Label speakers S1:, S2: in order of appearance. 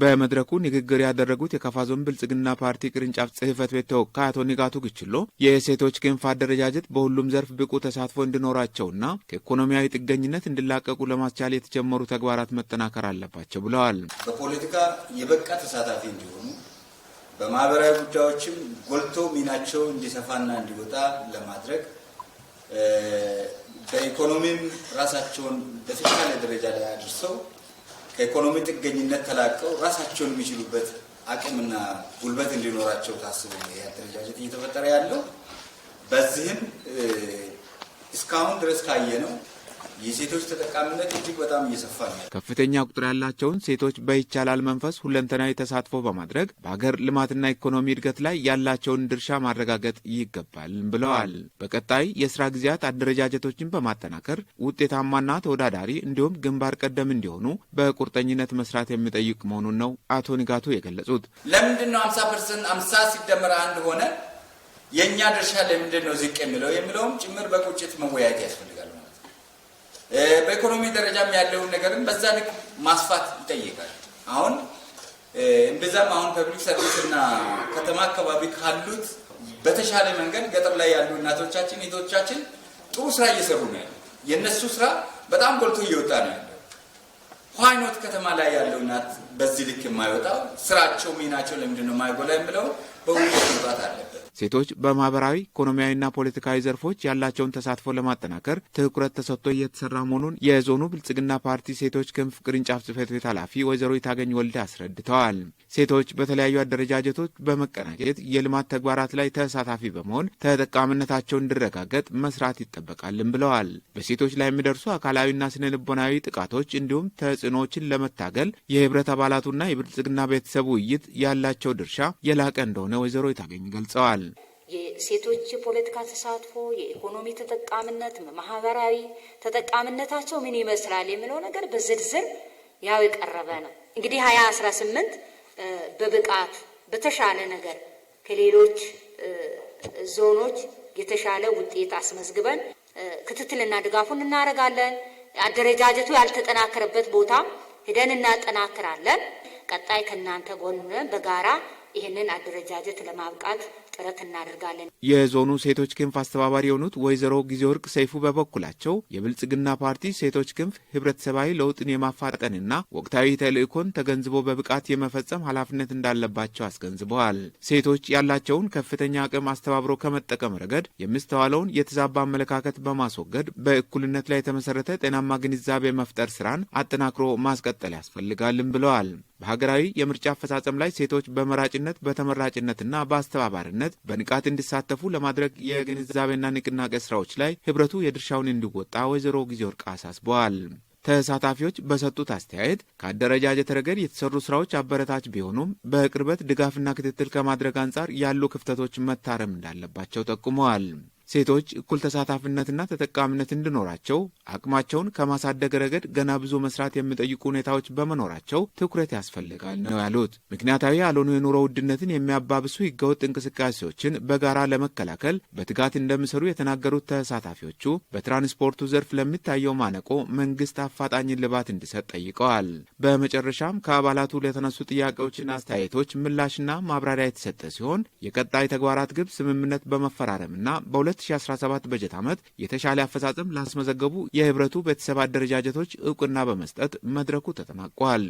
S1: በመድረኩ ንግግር ያደረጉት የካፋ ዞን ብልጽግና ፓርቲ ቅርንጫፍ ጽህፈት ቤት ተወካይ አቶ ንጋቱ ግችሎ የሴቶች ክንፍ አደረጃጀት በሁሉም ዘርፍ ብቁ ተሳትፎ እንዲኖራቸውና ከኢኮኖሚያዊ ጥገኝነት እንዲላቀቁ ለማስቻል የተጀመሩ ተግባራት መጠናከር አለባቸው ብለዋል።
S2: በፖለቲካ የበቃ ተሳታፊ እንዲሆኑ በማህበራዊ ጉዳዮችም ጎልቶ ሚናቸው እንዲሰፋና እንዲወጣ ለማድረግ በኢኮኖሚም ራሳቸውን በተሻለ ደረጃ ላይ አድርሰው ከኢኮኖሚ ጥገኝነት ተላቀው ራሳቸውን የሚችሉበት አቅምና ጉልበት እንዲኖራቸው ታስቦ አደረጃጀት እየተፈጠረ ያለው በዚህም እስካሁን ድረስ ካየ ነው የሴቶች ተጠቃሚነት እጅግ በጣም እየሰፋ ነው።
S1: ከፍተኛ ቁጥር ያላቸውን ሴቶች በይቻላል መንፈስ ሁለንተናዊ ተሳትፎ በማድረግ በሀገር ልማትና ኢኮኖሚ እድገት ላይ ያላቸውን ድርሻ ማረጋገጥ ይገባል ብለዋል። በቀጣይ የስራ ጊዜያት አደረጃጀቶችን በማጠናከር ውጤታማና ተወዳዳሪ እንዲሁም ግንባር ቀደም እንዲሆኑ በቁርጠኝነት መስራት የሚጠይቅ መሆኑን ነው አቶ ንጋቱ የገለጹት።
S2: ለምንድን ነው አምሳ ፐርሰንት አምሳ ሲደመር አንድ ሆነ የእኛ ድርሻ ለምንድን ነው ዝቅ የሚለው የሚለውም ጭምር በቁጭት መወያየት ያስፈልጋል። በኢኮኖሚ ደረጃም ያለውን ነገርን በዛ ልክ ማስፋት ይጠይቃል። አሁን እንደዛም አሁን ፐብሊክ ሰርቪስ እና ከተማ አካባቢ ካሉት በተሻለ መንገድ ገጠር ላይ ያሉ እናቶቻችን ቶቻችን ጥሩ ስራ እየሰሩ ነው ያለ የእነሱ ስራ በጣም ጎልቶ እየወጣ ነው ያለ ኋይኖት ከተማ ላይ ያለው እናት በዚህ ልክ የማይወጣው ስራቸው፣ ሚናቸው ለምንድን የማይጎላ የምለው በሁሉ መውጣት አለ።
S1: ሴቶች በማህበራዊ ኢኮኖሚያዊና ፖለቲካዊ ዘርፎች ያላቸውን ተሳትፎ ለማጠናከር ትኩረት ተሰጥቶ እየተሰራ መሆኑን የዞኑ ብልጽግና ፓርቲ ሴቶች ክንፍ ቅርንጫፍ ጽህፈት ቤት ኃላፊ ወይዘሮ የታገኝ ወልደ አስረድተዋል። ሴቶች በተለያዩ አደረጃጀቶች በመቀናጀት የልማት ተግባራት ላይ ተሳታፊ በመሆን ተጠቃሚነታቸው እንዲረጋገጥ መስራት ይጠበቃልም ብለዋል። በሴቶች ላይ የሚደርሱ አካላዊና ስነ ልቦናዊ ጥቃቶች እንዲሁም ተጽዕኖዎችን ለመታገል የህብረት አባላቱና የብልጽግና ቤተሰብ ውይይት ያላቸው ድርሻ የላቀ እንደሆነ ወይዘሮ የታገኝ ገልጸዋል።
S3: የሴቶች የፖለቲካ ተሳትፎ፣ የኢኮኖሚ ተጠቃሚነት፣ ማህበራዊ ተጠቃሚነታቸው ምን ይመስላል የሚለው ነገር በዝርዝር ያው የቀረበ ነው። እንግዲህ ሀያ አስራ ስምንት በብቃት በተሻለ ነገር ከሌሎች ዞኖች የተሻለ ውጤት አስመዝግበን ክትትልና ድጋፉን እናደርጋለን። አደረጃጀቱ ያልተጠናከረበት ቦታ ሄደን እናጠናክራለን። ቀጣይ ከእናንተ ጎን በጋራ ይህንን አደረጃጀት ለማብቃት ጥረት እናደርጋለን።
S1: የዞኑ ሴቶች ክንፍ አስተባባሪ የሆኑት ወይዘሮ ጊዜወርቅ ሰይፉ በበኩላቸው የብልጽግና ፓርቲ ሴቶች ክንፍ ህብረተሰባዊ ለውጥን የማፋጠንና ወቅታዊ ተልእኮን ተገንዝቦ በብቃት የመፈጸም ኃላፊነት እንዳለባቸው አስገንዝበዋል። ሴቶች ያላቸውን ከፍተኛ አቅም አስተባብሮ ከመጠቀም ረገድ የሚስተዋለውን የተዛባ አመለካከት በማስወገድ በእኩልነት ላይ የተመሰረተ ጤናማ ግንዛቤ መፍጠር ስራን አጠናክሮ ማስቀጠል ያስፈልጋልም ብለዋል። በሀገራዊ የምርጫ አፈጻጸም ላይ ሴቶች በመራጭነት በተመራጭነትና በአስተባባሪነት በማለት በንቃት እንዲሳተፉ ለማድረግ የግንዛቤና ንቅናቄ ስራዎች ላይ ህብረቱ የድርሻውን እንዲወጣ ወይዘሮ ወርቅ አሳስበዋል። ተሳታፊዎች በሰጡት አስተያየት ከአደረጃጀት ረገድ የተሰሩ ስራዎች አበረታች ቢሆኑም በቅርበት ድጋፍና ክትትል ከማድረግ አንጻር ያሉ ክፍተቶች መታረም እንዳለባቸው ጠቁመዋል። ሴቶች እኩል ተሳታፊነትና ተጠቃሚነት እንዲኖራቸው አቅማቸውን ከማሳደግ ረገድ ገና ብዙ መስራት የሚጠይቁ ሁኔታዎች በመኖራቸው ትኩረት ያስፈልጋል ነው ያሉት። ምክንያታዊ ያልሆኑ የኑሮ ውድነትን የሚያባብሱ ህገወጥ እንቅስቃሴዎችን በጋራ ለመከላከል በትጋት እንደሚሰሩ የተናገሩት ተሳታፊዎቹ በትራንስፖርቱ ዘርፍ ለሚታየው ማነቆ መንግስት አፋጣኝ ልባት እንዲሰጥ ጠይቀዋል። በመጨረሻም ከአባላቱ ለተነሱ ጥያቄዎችና አስተያየቶች ምላሽና ማብራሪያ የተሰጠ ሲሆን የቀጣይ ተግባራት ግብ ስምምነት በመፈራረምና በሁለት 2017 በጀት ዓመት የተሻለ አፈጻጸም ላስመዘገቡ የህብረቱ ቤተሰብ አደረጃጀቶች እውቅና በመስጠት መድረኩ ተጠናቋል።